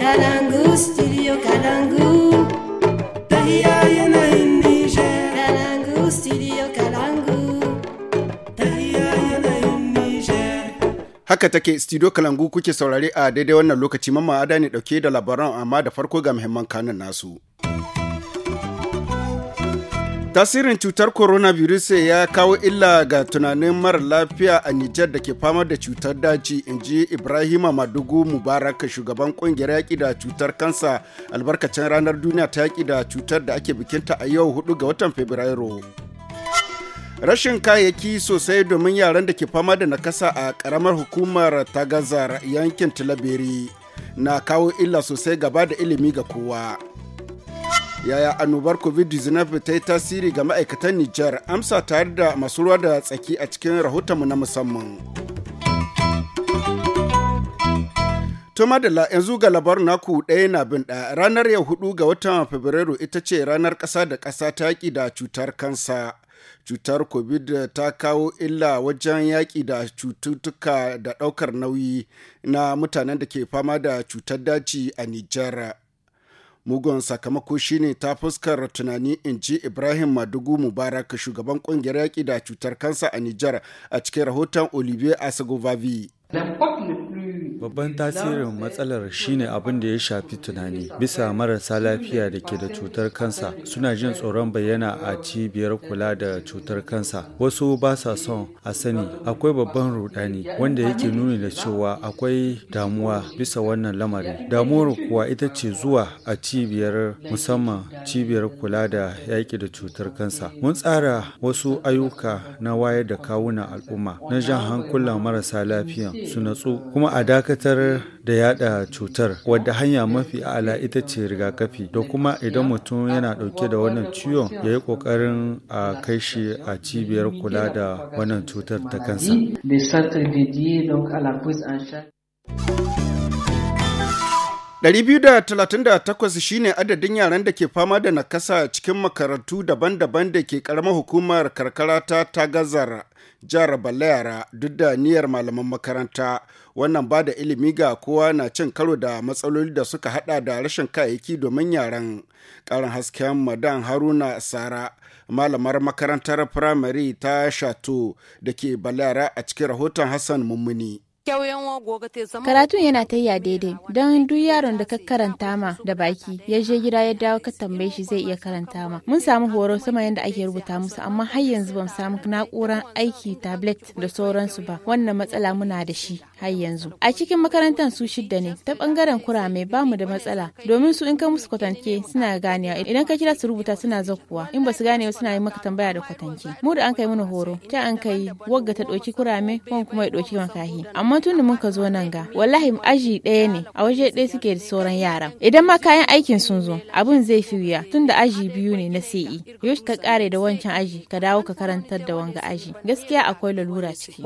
Kalangu, studio Kalangu. Tahia yanayin Niger. Kalangu, studio Kalangu. Tahia yanayin Niger. Haka take studio Kalangu kuke saurare a daidai wannan lokaci mamma ada ne dauke da labaran amma da farko ga muhimman kanin nasu. Tasirin cutar coronavirus ya kawo illa ga tunanin mara lafiya a Nijar da ke fama da cutar daji, in ji Ibrahima Madugu Mubarak shugaban kungiyar yaƙi da cutar kansa albarkacin ranar duniya ta yaƙi da cutar da ake bikinta a yau hudu ga watan Fabrairu. rashin kayayyaki sosai domin yaran da ke fama da nakasa a karamar hukumar tagazar yankin tilaberi na kawo illa sosai gaba da ilimi ga kowa Yaya annobar COVID-19 ta yi tasiri ga ma'aikatan Nijar amsa tare da masu ruwa da tsaki a cikin rahotonmu na musamman. To madalla yanzu ga labarin naku ɗaya na bin ɗaya ranar ya hudu ga watan Fabrairu ita ce ranar ƙasa da ƙasa ta yaƙi da cutar kansa. Cutar COVID ta kawo illa wajen yaƙi da cututtuka da ɗaukar nauyi na mutanen da ke fama da cutar daji a Nijar. mugun sakamako shine ta fuskar tunani in ji ibrahim madugu mubarak shugaban kungiyar yaƙi da cutar kansa a nijar a cikin rahoton olivier asagovavi Babban tasirin matsalar shine abin da ya shafi tunani. Bisa marasa lafiya da ke da cutar kansa suna jin tsoron bayyana a cibiyar kula da cutar kansa. Wasu ba sa son a sani akwai babban rudani wanda yake nuni da cewa akwai damuwa bisa wannan lamarin, Damuwar kuwa ita ce zuwa a cibiyar musamman cibiyar kula da yaƙi da cutar kansa. Mun tsara wasu ayyuka na wayar da kawunan al'umma na jan hankulan marasa lafiya su natsu kuma a dakatar dakatar da yada cutar wadda hanya mafi ala ita ce rigakafi da kuma idan mutum yana dauke da wannan ciwon ya yi kokarin a kai shi a cibiyar kula da wannan cutar ta kansa. 238 shine adadin yaran da ke fama da nakasa cikin makarantu daban-daban da ke karamar hukumar karkara ta tagazar jihar balayara duk da niyyar malaman makaranta wannan ba da ilimi ga kowa na cin karo da matsaloli da suka hada da rashin kayayyaki domin yaran karin hasken madan haruna sara malamar makarantar firamare ta shato da ke balayara a cikin rahoton hassan mummuni Karatun yana ta tayya daidai don duk yaron da ka karanta ma da baki ya je gida ya dawo ka tambaye shi zai iya karanta ma. Mun samu horo sama yadda ake rubuta musu amma har yanzu ban samu na'urar aiki tablet da sauransu ba wannan matsala muna da shi har yanzu. A cikin makarantar su shidda ne ta bangaren kurame mu da matsala domin su in ka musu kwatanke suna ganewa idan ka kira su rubuta suna zakuwa in ba su gane suna yi maka tambaya da kwatance. Mu da an kai mana horo ta an kai wagga ta ɗauki kurame wani kuma ya ɗauki makahi amma amma tun da muka zo nan ga wallahi aji ɗaya ne a waje ɗaya suke da sauran yaran idan ma kayan aikin sun zo abin zai fi wuya tun da aji biyu ne na CE yoshi ka kare da wancan aji ka dawo ka karantar da wanga aji gaskiya akwai lalura ciki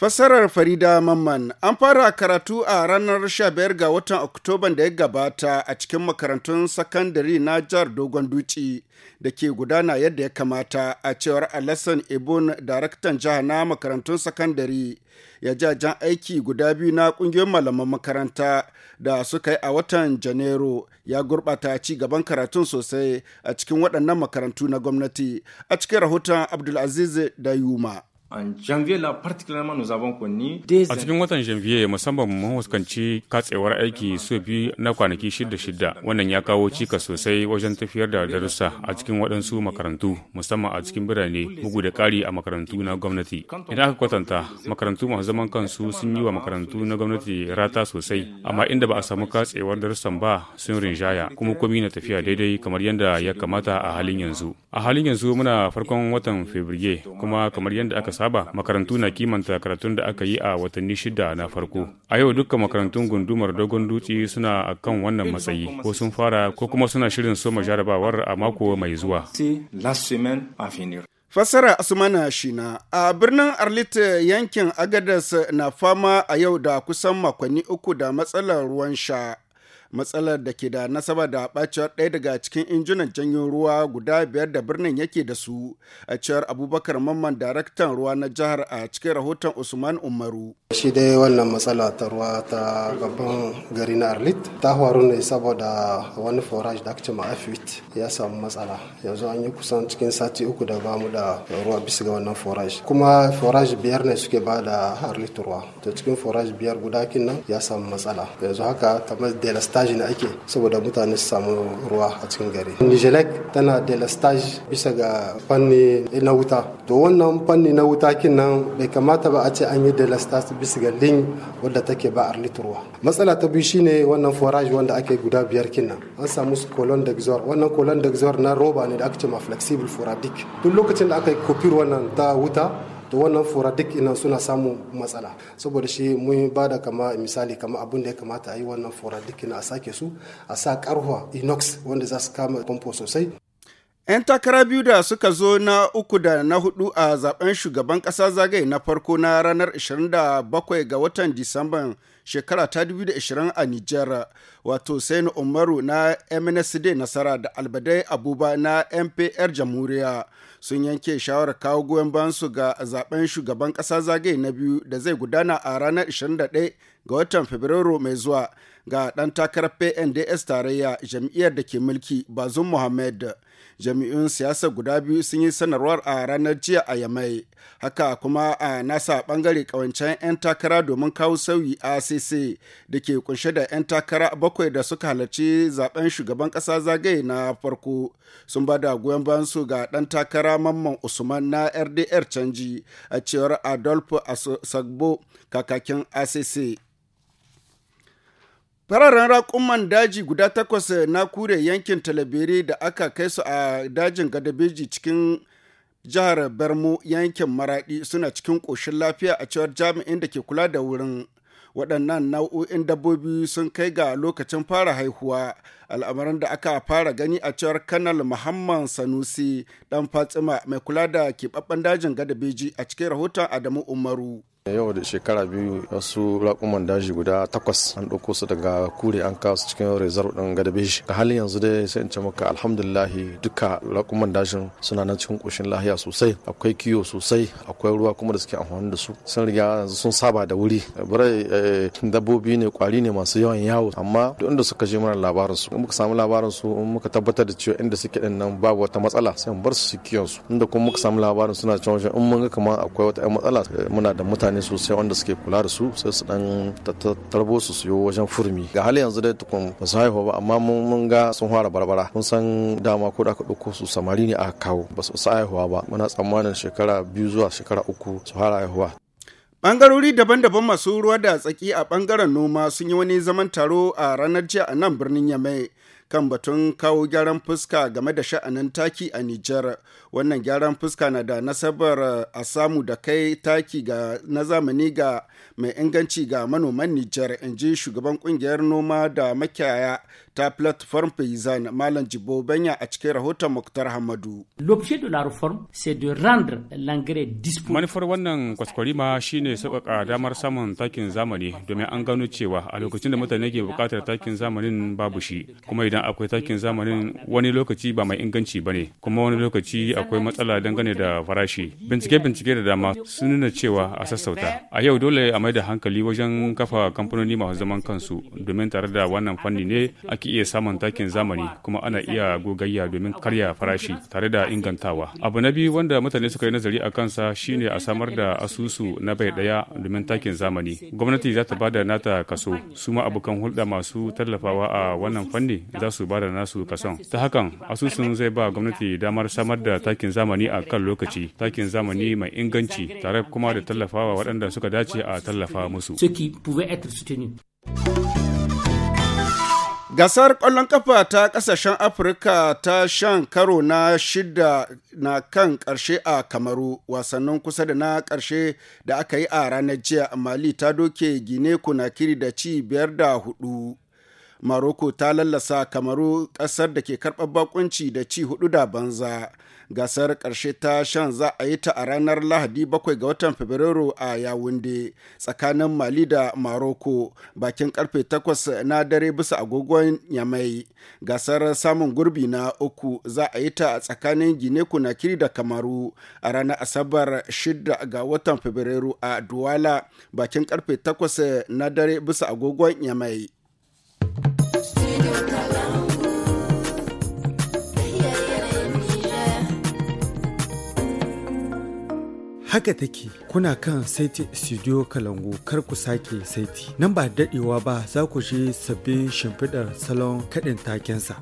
Fassarar Farida Mamman an fara karatu a ranar 15 ga watan Oktoban da ya gabata a cikin makarantun sakandare na jihar Dogon Duci da ke gudana yadda ya kamata a cewar alasan Ibon daraktan jihar na makarantun sakandare ya ja jan aiki guda biyu na kungiyoyin malaman makaranta da suka yi a watan Janairu ya gurbata ci gaban karatun sosai a cikin waɗannan makarantu na gwamnati a cikin rahoton Abdulaziz da yuma A cikin watan janvier musamman mun huskanci katsewar aiki su biyu na kwanaki shida-shida wannan ya kawo cika sosai wajen tafiyar da darussa a cikin waɗansu makarantu musamman a cikin birane bugu da ƙari a makarantu na gwamnati. Idan aka kwatanta makarantu masu zaman kansu sun yi wa makarantu na gwamnati rata sosai amma inda ba a samu katsewar darussan ba sun rinjaya kuma komi na tafiya daidai kamar yadda ya kamata a halin yanzu. A halin yanzu muna farkon watan Fabrairu kuma kamar yadda aka saba makarantu na kimanta karatun da aka yi a watanni shida na farko a yau dukkan makarantun gundumar dogon dutse suna akan wannan matsayi ko sun fara ko kuma suna shirin soma jarabawar a mako mai zuwa Fassara Asmana Shina a birnin arlita yankin Agadas na fama a yau da kusan makonni uku da matsalar ruwan sha. matsalar da ke da nasaba da bacewar ɗaya daga cikin injunan janyo ruwa guda biyar da birnin yake da su a cewar abubakar mamman daraktan ruwa na jihar a cikin rahoton usman umaru shi dai wannan matsala ta ruwa ta gaban gari na arlit ta faru ne saboda wani forage da ake ma'afit ya samu matsala yanzu an yi kusan cikin sati uku da bamu da ruwa bisa ga wannan forage kuma forage biyar ne suke ba da arlit ruwa to cikin forage biyar guda nan ya samu matsala yanzu haka kamar delastage ne ake saboda mutane su samu ruwa a cikin gari nijelek tana delastage bisa ga fanni na wuta to wannan fanni na wuta kin bai kamata ba a ce an yi delastage bisa ga lin wadda take ba arliturwa matsala ta biyu shine wannan forage wanda ake guda biyar kinnan an samu su colon dexor wannan colon dexor na roba ne da aka ce ma flexible foradic duk lokacin da aka yi kofir wannan ta wuta to wannan fura ina suna samun matsala saboda shi mun ba da kama misali kama abin da ya kamata a wannan fura ina a sake su a sa karhuwa inox wanda za su kama famfo sosai 'Yan takara biyu da suka zo na uku da na hudu a zaben shugaban ƙasa zagaye na farko na ranar 27 ga watan Disamban shekara ta 2020 a Nijar, wato Sainu Umaru na MNSD Nasara da Albadai Abuba na MPR Jamhuriya sun yanke shawarar kawo goyon bansu ga zaben shugaban ƙasa zagaye na biyu da zai gudana a ranar 21 ga watan Fabrairu mai zuwa ga ɗan takarar PNDS tarayya jam'iyyar da ke mulki Bazum Mohammed. jami'un siyasa guda biyu sun yi sanarwar a ranar jiya a yamai haka kuma a nasa bangare kawancen 'yan takara domin kawo sauyi a cc da ke kunshe da 'yan takara bakwai da suka halarci zaben shugaban kasa zagaye na farko sun ba da goyon bayan su ga dan takara mamman usman na rdr canji a cewar adolfo sagbo kakakin acc Fararen raƙuman daji guda takwas eh, na kure yankin Talabere da aka kai su a dajin Gadabeji cikin jihar Bermo yankin Maradi suna cikin ƙoshin lafiya a cewar jami'in da ke kula da wurin. waɗannan nau'o'in dabbobi sun kai ga lokacin fara haihuwa al'amarin da aka fara gani a cewar kanal muhammad sanusi dan fatsima mai kula da keɓaɓɓen dajin gadabeji a cikin rahoton adamu umaru yau da shekara biyu wasu raƙuman daji guda takwas an ɗauko su daga kure an kawo su cikin rezerv ɗin gadabeshi a halin yanzu dai sai in ce maka alhamdulillahi duka raƙuman dajin suna nan cikin ƙoshin lahiya sosai akwai kiwo sosai akwai ruwa kuma da suke amfani da su sun riga yanzu sun saba da wuri birai eh, dabbobi ne kwari ne masu yawan yawo amma duk inda suka je mana labarin su muka samu labarin su muka tabbatar da cewa inda suke ɗin nan babu wata matsala sai mu bar su su kiyon su inda kuma muka samu labarin suna cewa in mun ga kamar akwai wata matsala eh, muna da mutane mutane sosai wanda suke kula da su sai su dan tarbo su siyo wajen furmi ga hali yanzu dai tukun ba su haihuwa ba amma mun ga sun fara barbara mun san dama ko da ka ɗauko su samari ne a kawo ba su haihuwa ba muna tsammanin shekara biyu zuwa shekara uku su fara haihuwa Bangarori daban-daban masu ruwa da tsaki a bangaren noma sun yi wani zaman taro a ranar jiya a nan birnin Yamai kan batun kawo gyaran fuska game da sha'anin taki a Nijar. Wannan gyaran fuska na da nasabar a samu da kai taki ga na zamani ga mai inganci ga manoman Nijar, in ji shugaban kungiyar noma da makiyaya ta platform paysan Malam Jibo Banya a cikin rahoton Muktar Hamadu. L'objet de la réforme c'est de rendre l'engrais disponible. Manufar wannan kwaskwarima shine sauƙaƙa damar samun takin zamani domin an gano cewa a lokacin da mutane ke buƙatar takin zamanin babu shi kuma idan akwai takin zamanin wani lokaci ba mai inganci ba ne kuma wani lokaci akwai matsala dangane da farashi. Bincike-bincike da dama sun nuna cewa a sassauta. A yau dole a mai da hankali wajen kafa kamfanoni masu zaman kansu domin tare da wannan fanni ne ake ake iya samun takin zamani kuma ana iya gogayya domin karya farashi tare da ingantawa abu na biyu wanda mutane suka yi nazari a kansa shine a samar da asusu na bai daya domin takin zamani gwamnati za ta bada nata kaso su ma abokan hulɗa masu tallafawa a wannan fanni za su bada nasu kason ta hakan asusun zai ba gwamnati damar samar da takin zamani a kan lokaci takin zamani mai inganci tare kuma da tallafawa waɗanda suka dace a tallafa musu. Gasar ƙwallon kafa ta ƙasashen Afirka ta shan karo na shida na kan ƙarshe a Kamaru, wasannin kusa da na ƙarshe da aka yi a ranar jiya a Mali ta doke Gine Kunakiri da ci biyar da hudu. Maroko ta lallasa Kamaru ƙasar da ke karɓar bakunci da ci hudu da banza. gasar ƙarshe ta shan za a yi ta a ranar lahadi bakwai ga watan fabrairu a yawunde tsakanin mali da maroko bakin karfe 8 na dare bisa agogon yamai gasar samun gurbi na uku za a yi ta a tsakanin gine kunakiri da kamaru a ranar asabar shida ga watan fabrairu a duwala bakin karfe 8 na dare bisa agogon yamai. haka take kuna kan saiti studio kalangu kar ku sake saiti nan ba dadewa ba za ku je sabbin shimfidar salon kaɗin takensa.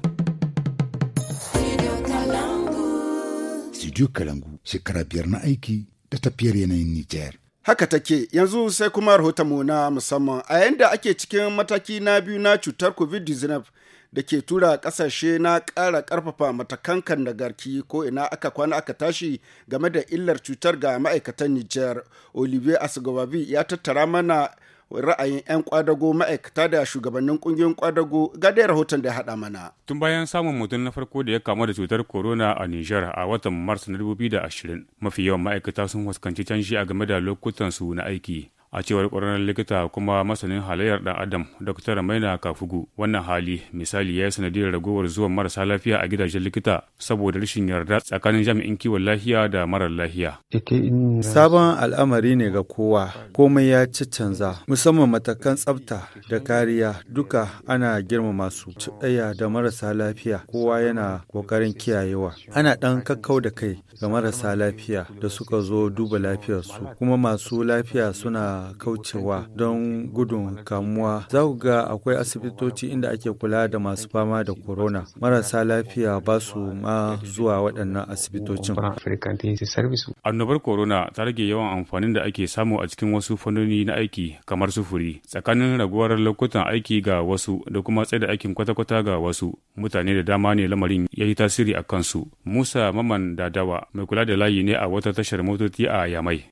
Studio Kalangu shekara biyar na aiki da tafiyar yanayin niger Haka take yanzu sai kuma rahoton mu na musamman a yayin ake cikin mataki na biyu na cutar COVID-19 da ke tura kasashe na ƙara ƙarfafa matakan kan nagarki ko ina aka kwana aka tashi game da illar cutar ga ma'aikatan Nijar. Olivier Asgobabi ya tattara mana ra'ayin 'yan kwadago ma'aikata da shugabannin kungiyoyin kwadago ga dai rahoton da ya haɗa mana. Tun bayan samun mutum na farko da ya kamu da cutar corona a Nijar a watan Mars na 2020, mafi yawan ma'aikata sun fuskanci canji a game da lokutan su na aiki. a cewar ƙwararren likita kuma masanin halayyar ɗan adam dr maina kafugu wannan hali misali ya yi sanadiyar ragowar zuwan marasa lafiya a gidajen likita saboda rashin yarda tsakanin jami'in kiwon lafiya da marar lafiya sabon al'amari ne ga kowa komai ya ci canza musamman matakan tsafta da kariya duka ana girmama su ɗaya da marasa lafiya kowa yana ƙoƙarin kiyayewa ana ɗan kakkau da kai ga marasa lafiya da suka zo duba lafiyarsu kuma masu lafiya suna kaucewa don gudun kamuwa za ku ga akwai asibitoci inda ake kula da masu fama da corona marasa lafiya ba su ma zuwa waɗannan asibitocin annobar corona ta rage yawan amfanin da ake samu a cikin wasu fannoni na aiki kamar sufuri tsakanin raguwar lokutan aiki ga wasu da kuma da aikin kwata-kwata ga wasu mutane da dama ne lamarin ya yi tasiri a kansu musa maman dadawa mai kula da layi ne a wata tashar motoci a yamai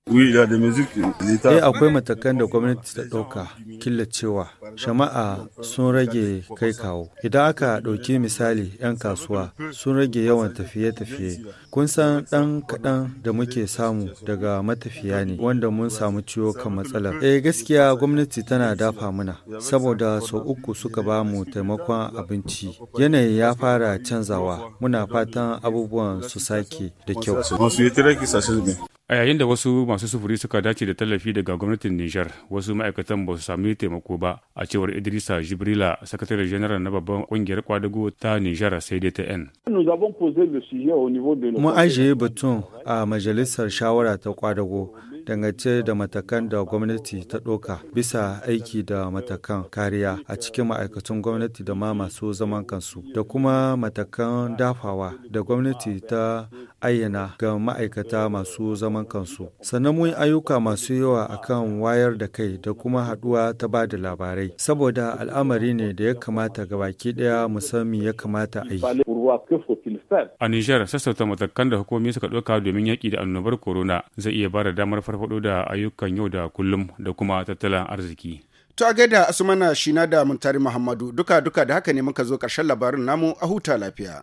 matakan da gwamnati ta ɗauka killacewa shama'a sun rage kai kawo idan aka ɗauki misali 'yan kasuwa sun rage yawan tafiye-tafiye kun san ɗan kaɗan da muke samu daga matafiya ne wanda mun samu ciwo kan matsalar eh gaskiya gwamnati tana dafa mana saboda sau uku suka ba mu taimakon abinci yanayi ya fara canzawa muna fatan abubuwan su sake da kyau a yayin da wasu masu sufuri suka dace da tallafi daga gwamnatin nijar wasu ma'aikatan ba su sami taimako ba a cewar idrisa jibrila sakatare janaral na babban kungiyar kwadago ta nijar sai dai ta n. mun ajiye batun a majalisar shawara ta kwadago dangance da matakan da gwamnati ta doka bisa aiki da matakan kariya a cikin ma'aikatan gwamnati da ma masu zaman kansu da kuma matakan dafawa da gwamnati ta ayyana ga ma'aikata masu zaman kansu. Sannan mun ayyuka masu yawa akan wayar da kai da kuma haɗuwa ta ba da labarai. Saboda al'amari ne da ya kamata ga baki ɗaya musamman ya kamata a yi. A Nijar, sassauta matakan da hukumomi suka ɗauka domin yaki da annobar corona zai iya ba da damar farfaɗo da ayyukan yau da kullum da kuma tattalin arziki. To a gaida Asumana Shina da Muntari Muhammadu duka duka da haka ne muka zo ƙarshen labarin namu a huta lafiya.